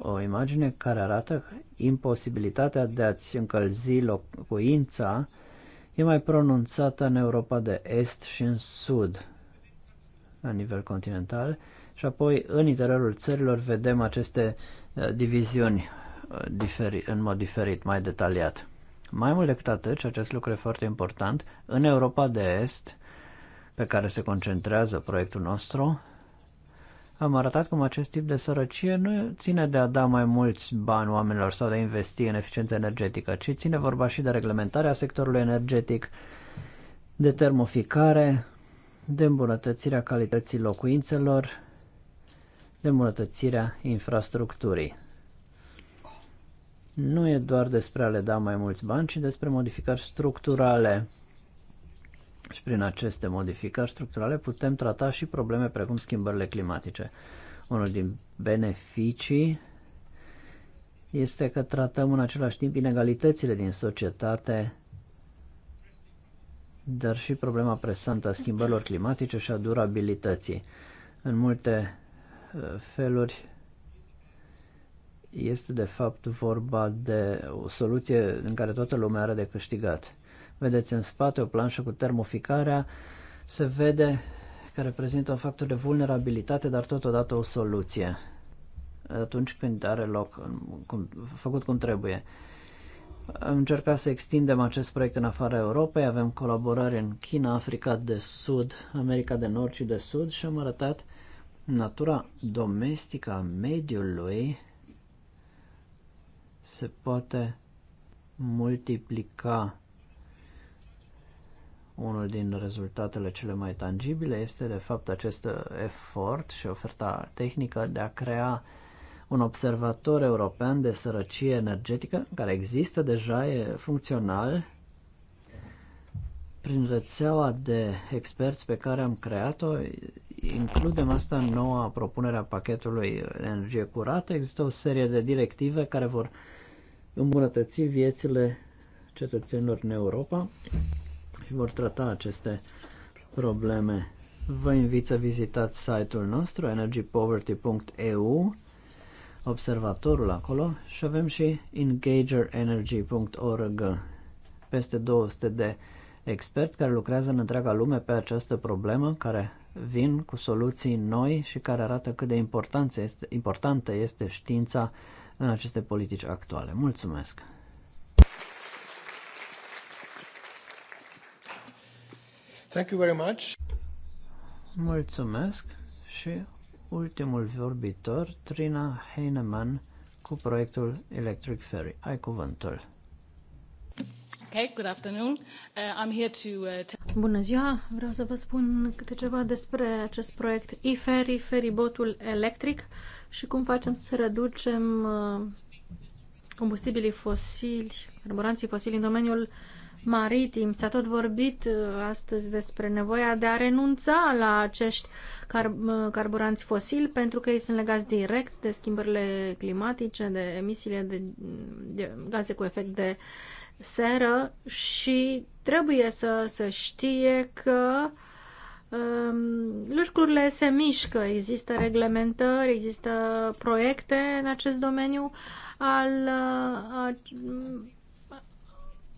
o imagine care arată imposibilitatea de a-ți încălzi locuința e mai pronunțată în Europa de Est și în Sud, la nivel continental, și apoi în interiorul țărilor vedem aceste uh, diviziuni uh, în mod diferit, mai detaliat. Mai mult decât atât, și acest lucru e foarte important, în Europa de Est, pe care se concentrează proiectul nostru, am arătat cum acest tip de sărăcie nu ține de a da mai mulți bani oamenilor sau de a investi în eficiență energetică, ci ține vorba și de reglementarea sectorului energetic, de termoficare, de îmbunătățirea calității locuințelor, de îmbunătățirea infrastructurii. Nu e doar despre a le da mai mulți bani, ci despre modificări structurale și prin aceste modificări structurale putem trata și probleme precum schimbările climatice. Unul din beneficii este că tratăm în același timp inegalitățile din societate, dar și problema presantă a schimbărilor climatice și a durabilității. În multe uh, feluri este de fapt vorba de o soluție în care toată lumea are de câștigat. Vedeți în spate o planșă cu termoficarea, se vede că reprezintă un factor de vulnerabilitate, dar totodată o soluție atunci când are loc, cum, făcut cum trebuie. Am încercat să extindem acest proiect în afara Europei, avem colaborare în China, Africa de Sud, America de Nord și de Sud și am arătat natura domestică a mediului se poate multiplica unul din rezultatele cele mai tangibile este, de fapt, acest efort și oferta tehnică de a crea un observator european de sărăcie energetică, care există deja, e funcțional, prin rețeaua de experți pe care am creat-o, includem asta în noua propunere a pachetului energie curată. Există o serie de directive care vor îmbunătăți viețile cetățenilor în Europa și vor trata aceste probleme. Vă invit să vizitați site-ul nostru energypoverty.eu, observatorul acolo și avem și engagerenergy.org, peste 200 de experți care lucrează în întreaga lume pe această problemă, care vin cu soluții noi și care arată cât de importantă este, importantă este știința în aceste politici actuale. Mulțumesc! Thank you very much. Mulțumesc și ultimul vorbitor, Trina Heinemann, cu proiectul Electric Ferry. Ai cuvântul. Okay, good afternoon. Uh, I'm here to, uh, Bună ziua! Vreau să vă spun câte ceva despre acest proiect e-ferry, feribotul electric și cum facem să reducem uh, combustibilii fosili, carburanții fosili în domeniul uh, maritim. S-a tot vorbit uh, astăzi despre nevoia de a renunța la acești car- uh, carburanți fosili pentru că ei sunt legați direct de schimbările climatice, de emisiile de, de gaze cu efect de seră și trebuie să, să știe că um, lucrurile se mișcă, există reglementări, există proiecte în acest domeniu al uh,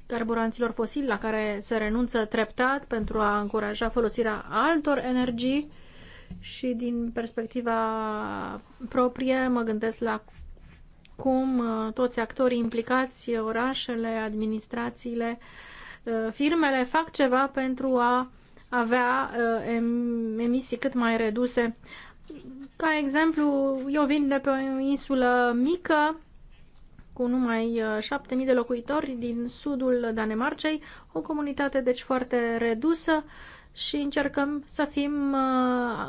carburanților fosili la care se renunță treptat pentru a încuraja folosirea altor energii și din perspectiva proprie mă gândesc la cum uh, toți actorii implicați, orașele, administrațiile, uh, firmele fac ceva pentru a avea uh, emisii cât mai reduse. Ca exemplu, eu vin de pe o insulă mică cu numai 7.000 uh, de locuitori din sudul Danemarcei, o comunitate deci foarte redusă și încercăm să fim uh,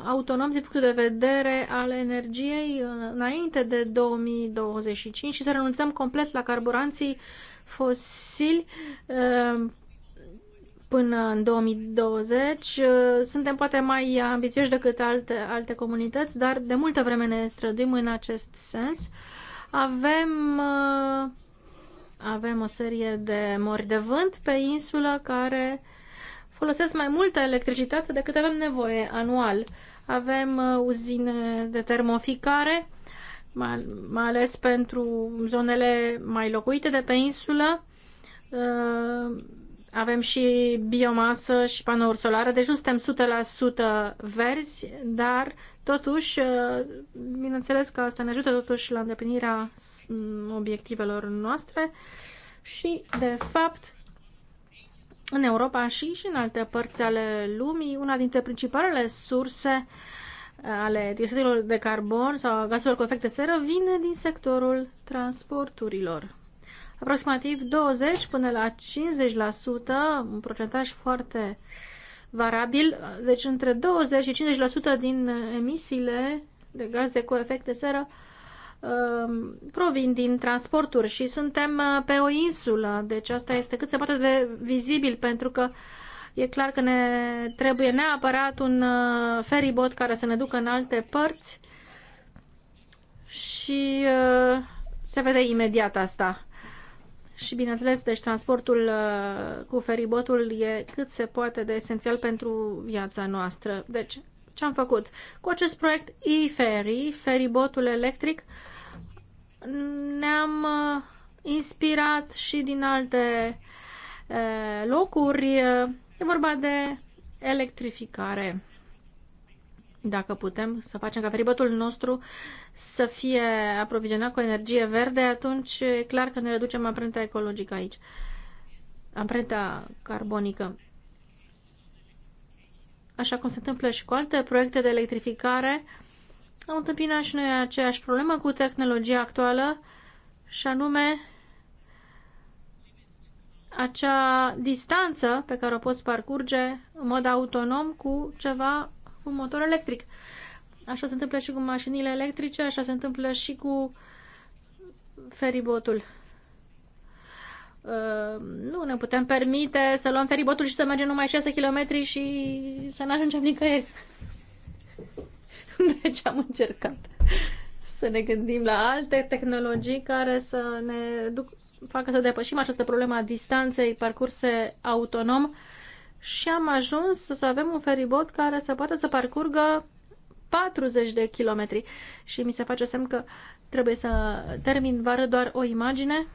autonomi din punctul de vedere al energiei uh, înainte de 2025 și să renunțăm complet la carburanții fosili până în 2020. Suntem poate mai ambițioși decât alte, alte comunități, dar de multă vreme ne străduim în acest sens. Uh, avem, uh, avem o serie de mori de vânt pe insulă care folosesc mai multă electricitate decât avem nevoie anual. Avem uh, uzine de termoficare, mai mai ales pentru zonele mai locuite de pe insulă. Uh, avem și biomasă și panouri solare, deci nu suntem 100% verzi, dar Totuși, uh, bineînțeles că asta ne ajută totuși la îndeplinirea mm, obiectivelor noastre și, de fapt, în Europa și, și în alte părți ale lumii, una dintre principalele surse uh, ale dioxidilor de carbon sau gazelor cu efect de seră vine din sectorul transporturilor. Aproximativ 20 până la 50%, un procentaj foarte uh, variabil, deci între 20 și 50% din emisiile de gaze cu efect de seră um, provin din transporturi și suntem uh, pe o insulă, deci asta este cât se poate de vizibil pentru că e clar că ne trebuie neapărat un uh, feribot care să ne ducă în alte părți și uh, se vede imediat asta și, bineînțeles, deci transportul uh, cu feribotul e cât se poate de esențial pentru viața noastră. Deci, ce am făcut? Cu acest proiect e-ferry, feribotul electric, ne-am uh, inspirat și din alte uh, locuri. E vorba de electrificare dacă putem să facem ca feribătul nostru să fie aprovizionat cu energie verde, atunci e clar că ne reducem amprenta ecologică aici, amprenta carbonică. Așa cum se întâmplă și cu alte proiecte de electrificare, am întâmpinat și noi aceeași problemă cu tehnologia actuală și anume acea distanță pe care o poți parcurge în mod autonom cu ceva un motor electric. Așa se întâmplă și cu mașinile electrice, așa se întâmplă și cu feribotul. Uh, nu ne putem permite să luăm feribotul și să mergem numai 6 km și să nu ajungem nicăieri. Deci am încercat să ne gândim la alte tehnologii care să ne duc, facă să depășim această problemă a distanței parcurse autonom și am ajuns să avem un feribot care să poată să parcurgă 40 de kilometri. Și mi se face semn că trebuie să termin vară doar o imagine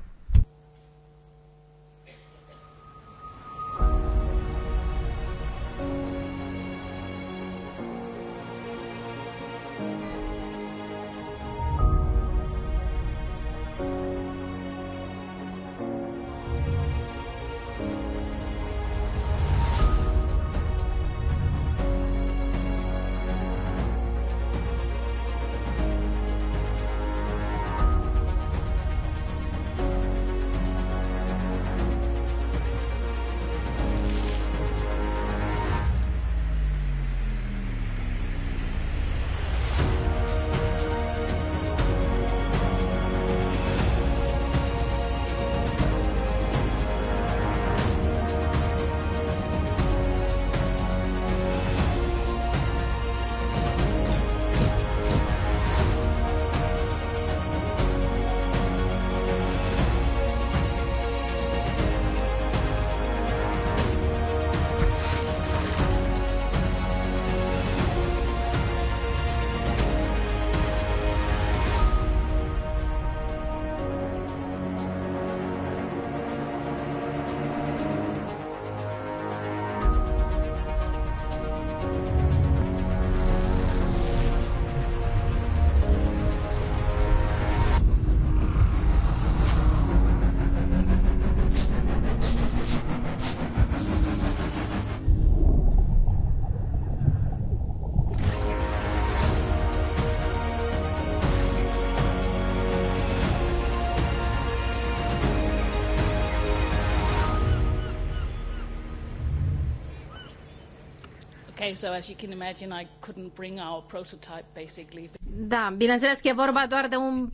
Da, bineînțeles că e vorba doar de un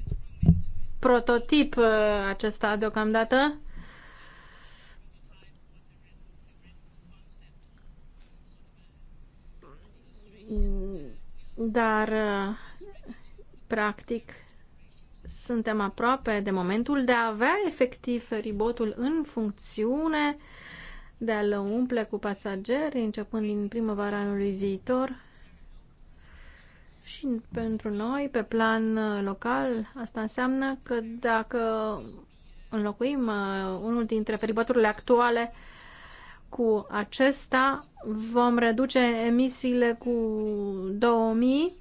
prototip uh, acesta deocamdată. Dar, uh, practic, suntem aproape de momentul de a avea efectiv ribotul în funcțiune. Uh, de a-l umple cu pasageri începând din primăvara anului viitor și pentru noi, pe plan uh, local, asta înseamnă că dacă înlocuim uh, unul dintre feribăturile actuale cu acesta, vom reduce emisiile cu 2000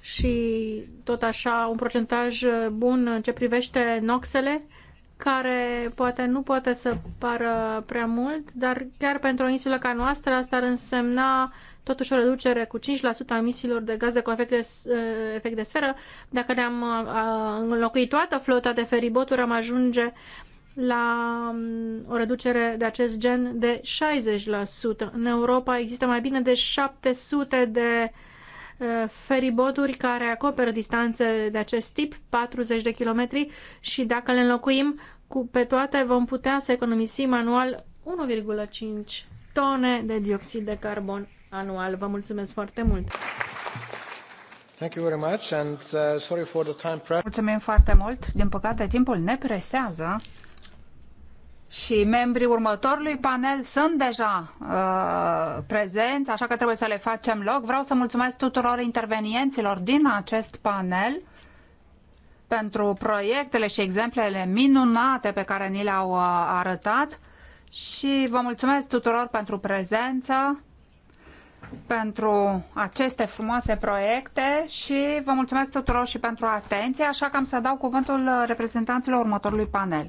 și tot așa un procentaj uh, bun în ce privește noxele care poate nu poate să pară prea mult, dar chiar pentru o insulă ca noastră asta ar însemna totuși o reducere cu 5% a emisiilor de gaze cu efect de, uh, efect de seră. Dacă ne-am uh, uh, înlocuit toată flota de feriboturi, am ajunge la um, o reducere de acest gen de 60%. În Europa există mai bine de 700 de uh, Uh, feriboturi care acoperă distanțe de acest tip, 40 de kilometri, și dacă le înlocuim cu, pe toate, vom putea să economisim anual 1,5 tone de dioxid de carbon anual. Vă mulțumesc foarte mult! Thank you very much and, uh, sorry for the time Mulțumim foarte mult. Din păcate, timpul ne presează și membrii următorului panel sunt deja uh, prezenți, așa că trebuie să le facem loc. Vreau să mulțumesc tuturor intervenienților din acest panel pentru proiectele și exemplele minunate pe care ni le-au uh, arătat și vă mulțumesc tuturor pentru prezență, pentru aceste frumoase proiecte și vă mulțumesc tuturor și pentru atenție, așa că am să dau cuvântul uh, reprezentanților următorului panel.